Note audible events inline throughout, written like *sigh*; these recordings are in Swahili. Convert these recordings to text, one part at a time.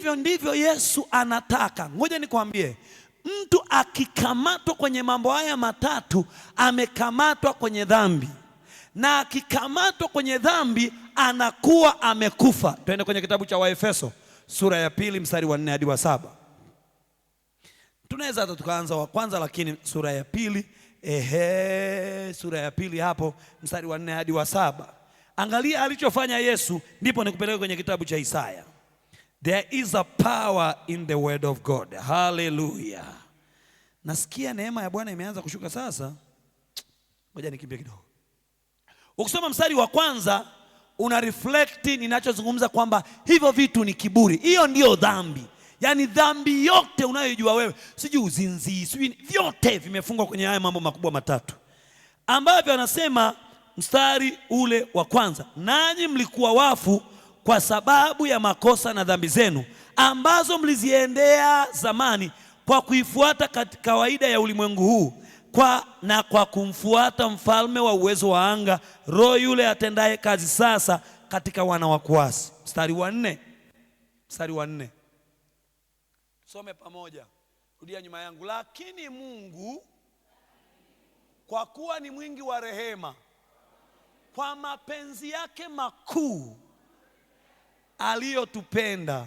Hivyo ndivyo Yesu anataka. Ngoja nikwambie, mtu akikamatwa kwenye mambo haya matatu amekamatwa kwenye dhambi, na akikamatwa kwenye dhambi anakuwa amekufa. Twende kwenye kitabu cha Waefeso sura ya pili mstari wa nne hadi wa saba. Tunaweza hata tukaanza wa kwanza, lakini sura ya pili ehe, sura ya pili hapo mstari wa nne hadi wa saba. Angalia alichofanya Yesu, ndipo nikupeleke kwenye kitabu cha Isaya There is a power in the word of God. Hallelujah. Nasikia neema ya Bwana imeanza kushuka sasa. Ngoja nikimbie kidogo. Ukisoma mstari wa kwanza una reflect ninachozungumza kwamba hivyo vitu ni kiburi. Hiyo ndiyo dhambi. Yaani dhambi yote unayojua wewe, sijui uzinzi, sijui vyote vimefungwa kwenye haya mambo makubwa matatu ambavyo anasema mstari ule wa kwanza, nanyi mlikuwa wafu kwa sababu ya makosa na dhambi zenu ambazo mliziendea zamani kwa kuifuata kawaida ya ulimwengu huu kwa, na kwa kumfuata mfalme wa uwezo wa anga, roho yule atendaye kazi sasa katika wana wa kuasi. Mstari wa nne, mstari wa nne, some pamoja, rudia nyuma yangu. Lakini Mungu kwa kuwa ni mwingi wa rehema, kwa mapenzi yake makuu aliyotupenda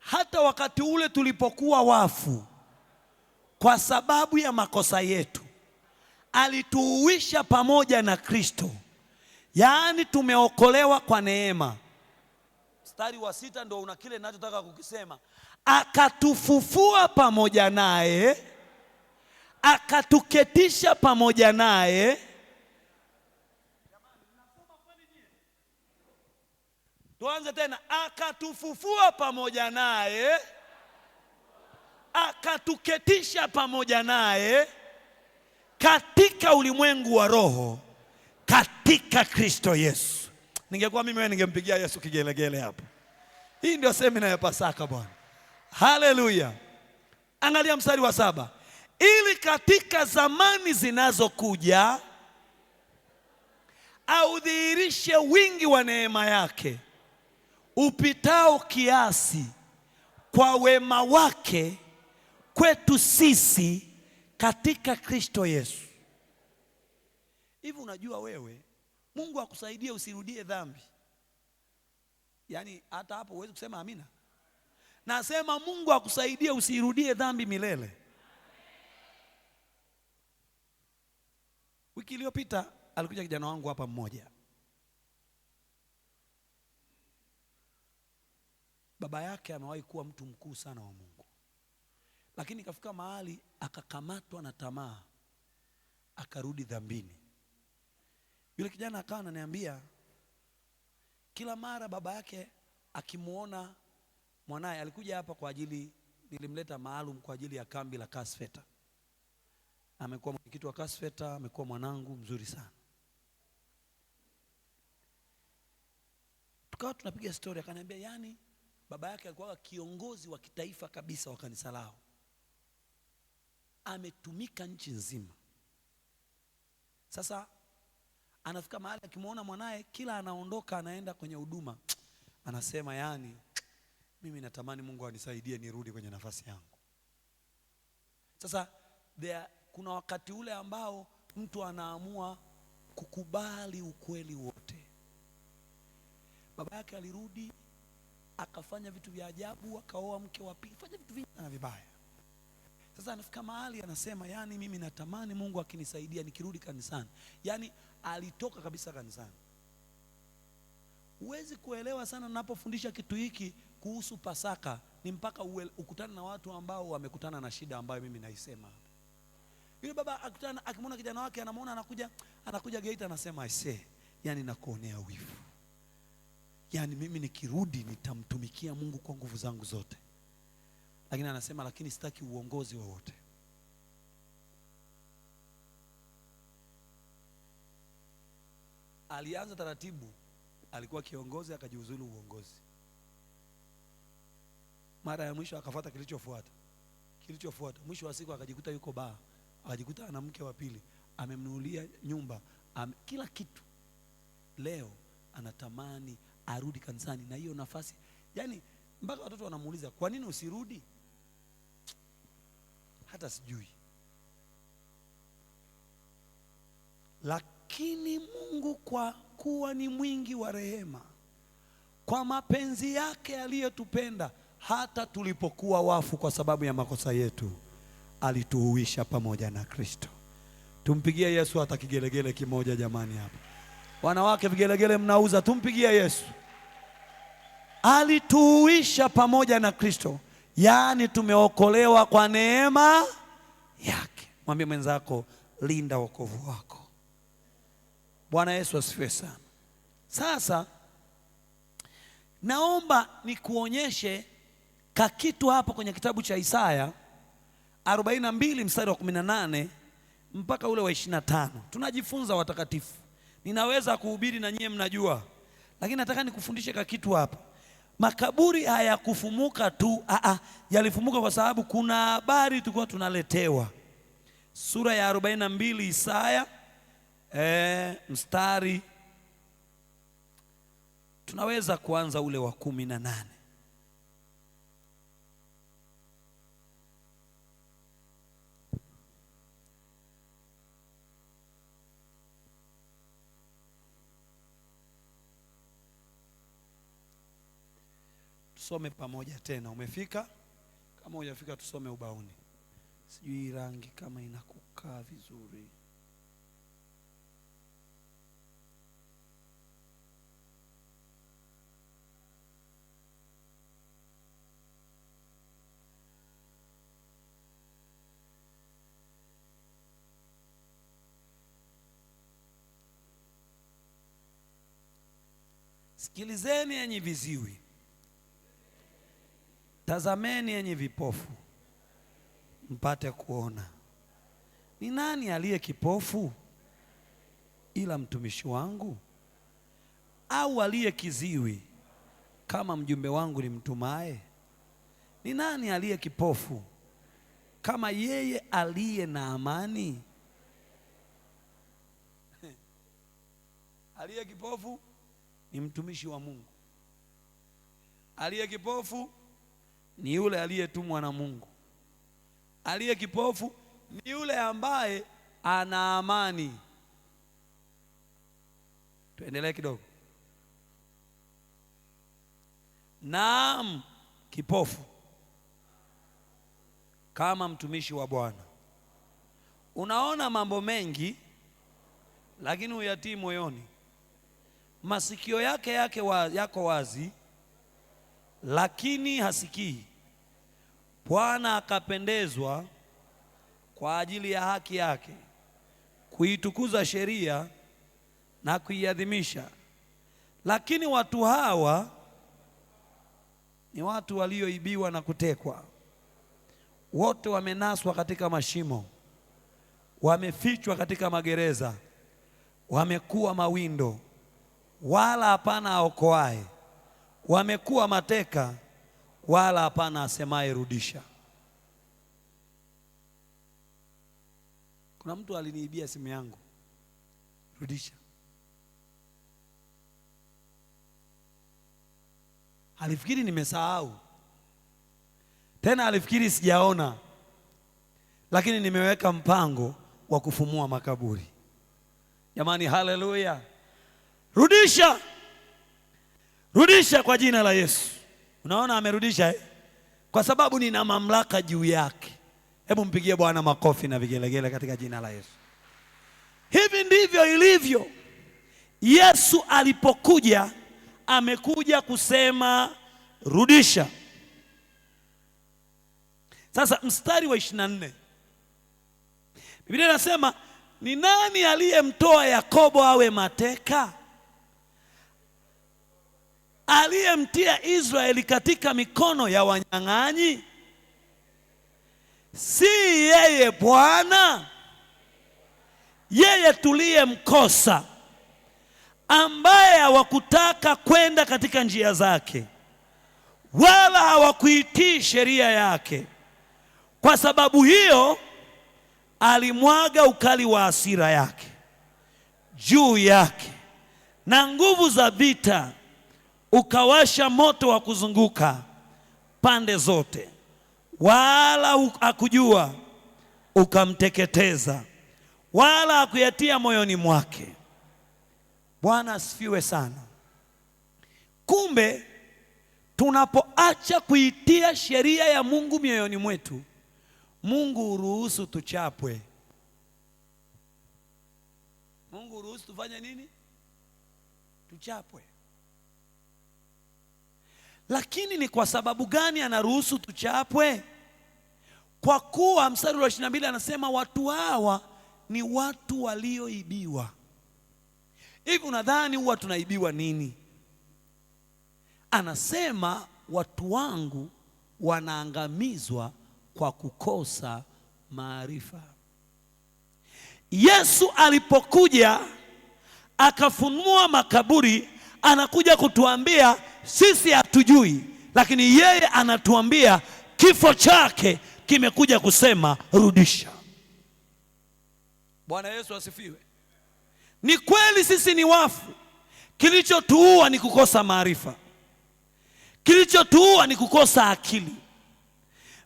hata wakati ule tulipokuwa wafu kwa sababu ya makosa yetu, alituuisha pamoja na Kristo, yaani tumeokolewa kwa neema. Mstari wa sita ndio una kile ninachotaka kukisema, akatufufua pamoja naye, akatuketisha pamoja naye tuanze tena, akatufufua pamoja naye, akatuketisha pamoja naye katika ulimwengu wa roho katika Kristo Yesu. Ningekuwa mimi wewe, ningempigia Yesu kigelegele hapo. Hii ndio semina ya Pasaka bwana, haleluya. Angalia mstari wa saba, ili katika zamani zinazokuja audhihirishe wingi wa neema yake upitao kiasi kwa wema wake kwetu sisi katika Kristo Yesu. Hivi unajua wewe, Mungu akusaidie usirudie dhambi. Yaani hata hapo huwezi kusema amina. Nasema Mungu akusaidie usirudie dhambi milele. Wiki iliyopita alikuja kijana wangu hapa mmoja baba yake amewahi kuwa mtu mkuu sana wa Mungu, lakini ikafika mahali akakamatwa na tamaa, akarudi dhambini. Yule kijana akawa ananiambia kila mara baba yake akimwona mwanaye, alikuja hapa kwa ajili, nilimleta maalum kwa ajili ya kambi la Kasfeta. Amekuwa mwenyekiti wa Kasfeta, amekuwa mwanangu mzuri sana. Tukawa tunapiga stori, akaniambia yani baba yake alikuwa kiongozi wa kitaifa kabisa wa kanisa lao, ametumika nchi nzima. Sasa anafika mahali akimwona mwanaye kila anaondoka anaenda kwenye huduma, anasema yani, mimi natamani Mungu anisaidie nirudi kwenye nafasi yangu. Sasa there, kuna wakati ule ambao mtu anaamua kukubali ukweli wote. Baba yake alirudi akafanya vitu vya ajabu, akaoa mke wa pili, fanya vitu vingi na vibaya. Sasa anafika mahali anasema, yani mimi natamani Mungu akinisaidia nikirudi kanisani. Yani alitoka kabisa kanisani. Huwezi kuelewa sana ninapofundisha kitu hiki kuhusu Pasaka, ni mpaka ukutane na watu ambao wamekutana na shida ambayo mimi naisema hapa. Yule baba akutana, akimwona kijana wake, anamwona anakuja, anakuja Geita, anasema aisee, yani nakuonea wivu yaani mimi nikirudi nitamtumikia Mungu kwa nguvu zangu zote, lakini anasema lakini sitaki uongozi wowote. Alianza taratibu, alikuwa kiongozi, akajiuzulu uongozi. Mara ya mwisho akafuata kilichofuata, kilichofuata. Mwisho wa siku akajikuta yuko baa, akajikuta ana mke wa pili, amemnunulia nyumba ame, kila kitu. Leo anatamani arudi kanisani na hiyo nafasi. yani mpaka watoto wanamuuliza kwa nini usirudi? Hata sijui. Lakini Mungu kwa kuwa ni mwingi wa rehema, kwa mapenzi yake aliyotupenda hata tulipokuwa wafu kwa sababu ya makosa yetu alituhuisha pamoja na Kristo. Tumpigie Yesu hata kigelegele kimoja jamani, hapa wanawake, vigelegele mnauza, tumpigie Yesu alituuisha pamoja na Kristo, yaani tumeokolewa kwa neema yake. Mwambie mwenzako, linda wokovu wako. Bwana Yesu asifiwe sana. Sasa naomba nikuonyeshe kakitu hapo kwenye kitabu cha Isaya 42 mstari wa 18 mpaka ule wa 25. Tunajifunza watakatifu, ninaweza kuhubiri na nyie mnajua, lakini nataka nikufundishe kakitu hapa makaburi hayakufumuka tu, aa, yalifumuka kwa sababu kuna habari tulikuwa tunaletewa. Sura ya 42 Isaya e, mstari tunaweza kuanza ule wa kumi na nane. tusome pamoja tena. Umefika? Kama hujafika tusome ubaoni. Sijui rangi kama inakukaa vizuri. Sikilizeni enyi viziwi Tazameni yenye vipofu mpate kuona. Ni nani aliye kipofu ila mtumishi wangu, au aliye kiziwi kama mjumbe wangu ni mtumaye Ni nani aliye kipofu kama yeye aliye na amani? *laughs* Aliye kipofu ni mtumishi wa Mungu. Aliye kipofu ni yule aliyetumwa na Mungu. Aliye kipofu ni yule ambaye ana amani. Tuendelee kidogo. Naam, kipofu kama mtumishi wa Bwana. Unaona mambo mengi, lakini huyatii moyoni. Masikio yake yake wa, yako wazi, lakini hasikii. Bwana akapendezwa kwa ajili ya haki yake kuitukuza sheria na kuiadhimisha. Lakini watu hawa ni watu walioibiwa na kutekwa, wote wamenaswa katika mashimo, wamefichwa katika magereza, wamekuwa mawindo, wala hapana aokoaye, wamekuwa mateka wala hapana asemaye rudisha. Kuna mtu aliniibia simu yangu, rudisha. Alifikiri nimesahau tena, alifikiri sijaona, lakini nimeweka mpango wa kufumua makaburi. Jamani, haleluya! Rudisha, rudisha kwa jina la Yesu. Unaona amerudisha eh? Kwa sababu nina mamlaka juu yake. Hebu mpigie Bwana makofi na vigelegele katika jina la Yesu. Hivi ndivyo ilivyo. Yesu alipokuja amekuja kusema rudisha. Sasa mstari wa 24. Biblia inasema ni nani aliyemtoa Yakobo awe mateka? aliyemtia Israeli katika mikono ya wanyang'anyi? Si yeye Bwana? Yeye tuliyemkosa, ambaye hawakutaka kwenda katika njia zake, wala hawakuitii sheria yake. Kwa sababu hiyo alimwaga ukali wa hasira yake juu yake na nguvu za vita ukawasha moto wa kuzunguka pande zote, wala hakujua ukamteketeza, wala hakuyatia moyoni mwake. Bwana asifiwe sana. Kumbe tunapoacha kuitia sheria ya Mungu mioyoni mwetu, Mungu uruhusu tuchapwe. Mungu uruhusu tufanye nini? Tuchapwe. Lakini ni kwa sababu gani anaruhusu tuchapwe? Kwa kuwa mstari wa 22 anasema watu hawa ni watu walioibiwa. Hivi unadhani huwa tunaibiwa nini? Anasema watu wangu wanaangamizwa kwa kukosa maarifa. Yesu alipokuja akafunua makaburi, anakuja kutuambia sisi hatujui, lakini yeye anatuambia kifo chake kimekuja kusema rudisha. Bwana Yesu asifiwe. Ni kweli sisi ni wafu. Kilichotuua ni kukosa maarifa, kilichotuua ni kukosa akili.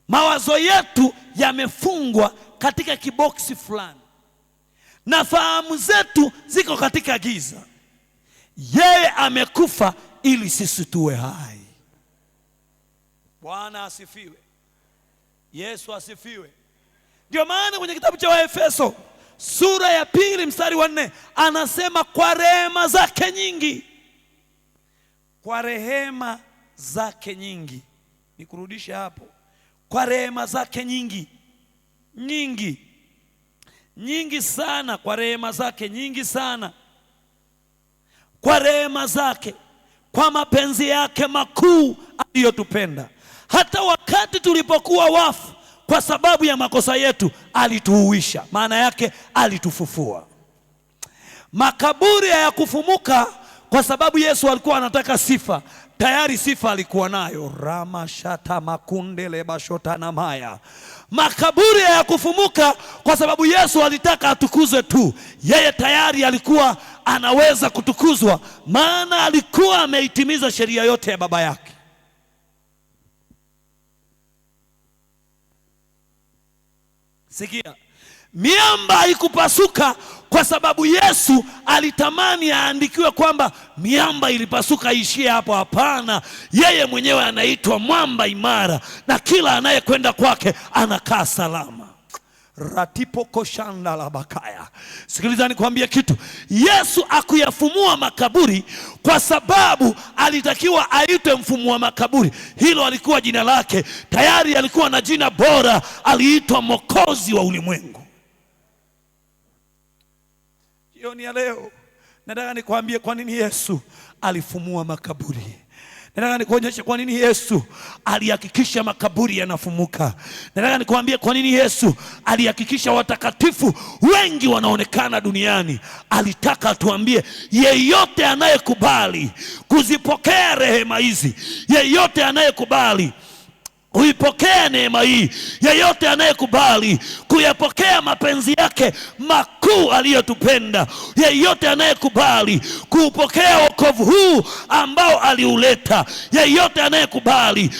Mawazo yetu yamefungwa katika kiboksi fulani na fahamu zetu ziko katika giza. Yeye amekufa ili sisi tuwe hai. Bwana asifiwe, Yesu asifiwe. Ndio maana kwenye kitabu cha Waefeso sura ya pili mstari wa nne anasema kwa rehema zake nyingi, kwa rehema zake nyingi. nikurudisha hapo, kwa rehema zake nyingi nyingi nyingi sana, kwa rehema zake nyingi sana, kwa rehema zake kwa mapenzi yake makuu aliyotupenda hata wakati tulipokuwa wafu kwa sababu ya makosa yetu alituhuisha. Maana yake alitufufua. Makaburi hayakufumuka kwa sababu Yesu alikuwa anataka sifa, tayari sifa alikuwa nayo. rama shata makunde lebashota na maya. Makaburi hayakufumuka kwa sababu Yesu alitaka atukuzwe tu, yeye tayari alikuwa anaweza kutukuzwa, maana alikuwa ameitimiza sheria yote ya baba yake. Sikia, miamba haikupasuka kwa sababu Yesu alitamani aandikiwe kwamba miamba ilipasuka ishie hapo. Hapana, yeye mwenyewe anaitwa mwamba imara, na kila anayekwenda kwake anakaa salama ratipo koshanda la bakaya. Sikiliza nikwambie kitu, Yesu akuyafumua makaburi kwa sababu alitakiwa aitwe mfumua makaburi. Hilo alikuwa jina lake tayari, alikuwa na jina bora, aliitwa Mwokozi wa ulimwengu. Jioni ya leo nataka nikwambie kwa nini Yesu alifumua makaburi. Nataka nikuonyeshe kwa nini Yesu alihakikisha makaburi yanafumuka. Nataka nikuambie kwa nini Yesu alihakikisha watakatifu wengi wanaonekana duniani. Alitaka atuambie, yeyote anayekubali kuzipokea rehema hizi, yeyote anayekubali Uipokee neema hii. Yeyote anayekubali kuyapokea mapenzi yake makuu aliyotupenda, yeyote anayekubali kuupokea wokovu huu ambao aliuleta, yeyote anayekubali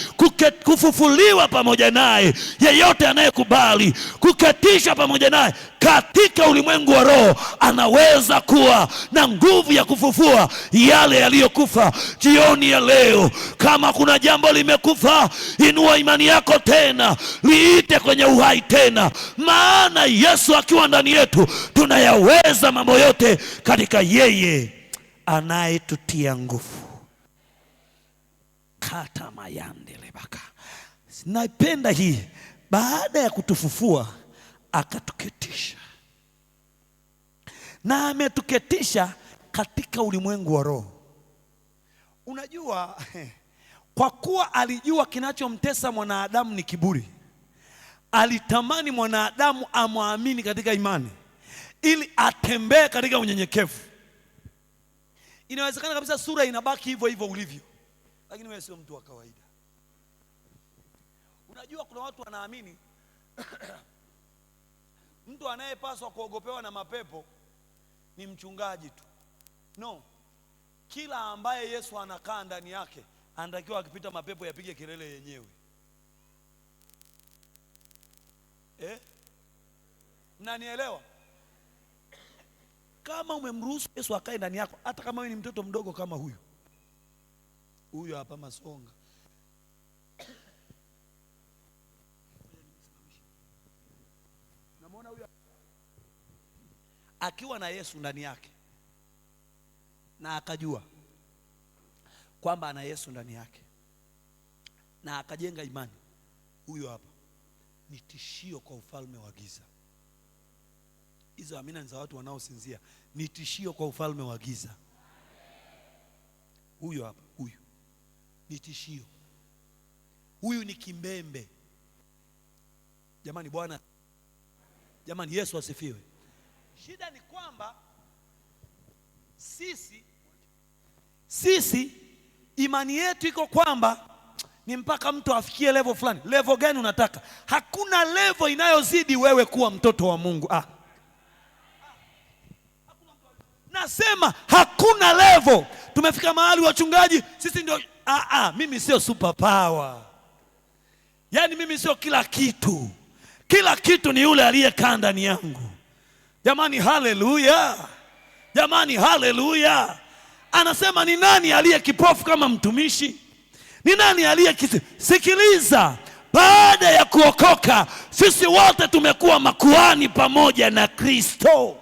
kufufuliwa pamoja naye, yeyote anayekubali kuketishwa pamoja naye katika ulimwengu wa roho anaweza kuwa na nguvu ya kufufua yale yaliyokufa. Jioni ya leo, kama kuna jambo limekufa, inua imani yako tena, liite kwenye uhai tena, maana Yesu akiwa ndani yetu tunayaweza mambo yote katika yeye anayetutia nguvu. kata lebaka, naipenda hii baada ya kutufufua akatuketisha, na ametuketisha katika ulimwengu wa roho. Unajua, *laughs* kwa kuwa alijua kinachomtesa mwanadamu ni kiburi, alitamani mwanadamu amwamini katika imani ili atembee katika unyenyekevu. Inawezekana kabisa sura inabaki hivyo hivyo ulivyo, lakini wewe sio mtu wa kawaida. Unajua kuna watu wanaamini *clears throat* Mtu anayepaswa kuogopewa na mapepo ni mchungaji tu? No, kila ambaye Yesu anakaa ndani yake anatakiwa akipita mapepo yapige kelele yenyewe eh? Nanielewa? Kama umemruhusu Yesu akae ndani yako, hata kama wewe ni mtoto mdogo kama huyu huyu hapa Masonga akiwa na Yesu ndani yake na akajua kwamba ana Yesu ndani yake na akajenga imani, huyo hapa ni tishio kwa ufalme wa giza. Hizo amina ni za watu wanaosinzia, ni tishio kwa ufalme wa giza. Huyo hapa, huyu ni tishio, huyu ni kimbembe. Jamani Bwana, jamani Yesu asifiwe. Shida ni kwamba sisi sisi imani yetu iko kwamba ni mpaka mtu afikie level fulani. Level gani unataka? Hakuna level inayozidi wewe kuwa mtoto wa Mungu. Ah. Nasema hakuna level. Tumefika mahali wachungaji sisi ndio ah, ah, mimi sio super power. Yaani mimi sio kila kitu. Kila kitu ni yule aliyekaa ndani yangu. Jamani, haleluya! Jamani, haleluya! Anasema ni nani aliye kipofu kama mtumishi? Ni nani aliye kisi? Sikiliza, baada ya kuokoka sisi wote tumekuwa makuhani pamoja na Kristo.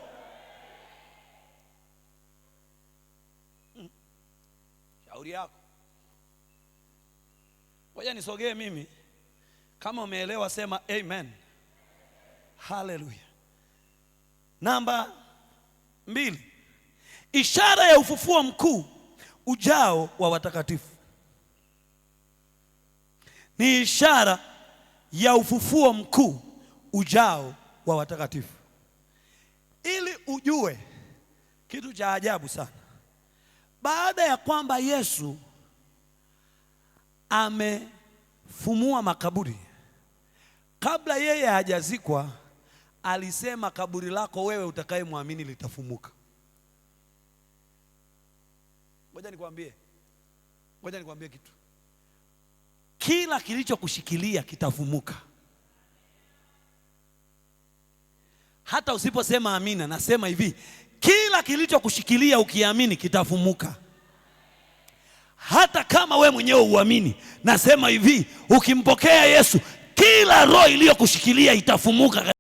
Hmm. Shauri yako. Ngoja nisogee mimi, kama umeelewa sema amen, haleluya. Namba mbili, ishara ya ufufuo mkuu, ujao wa watakatifu. Ni ishara ya ufufuo mkuu, ujao wa watakatifu. Ili ujue kitu cha ajabu sana, baada ya kwamba Yesu amefumua makaburi, kabla yeye hajazikwa alisema kaburi lako wewe utakayemwamini litafumuka. Ngoja nikwambie, ngoja nikwambie kitu, kila kilichokushikilia kitafumuka. Hata usiposema amina, nasema hivi, kila kilichokushikilia ukiamini kitafumuka hata kama we mwenyewe uamini, nasema hivi, ukimpokea Yesu, kila roho iliyokushikilia itafumuka.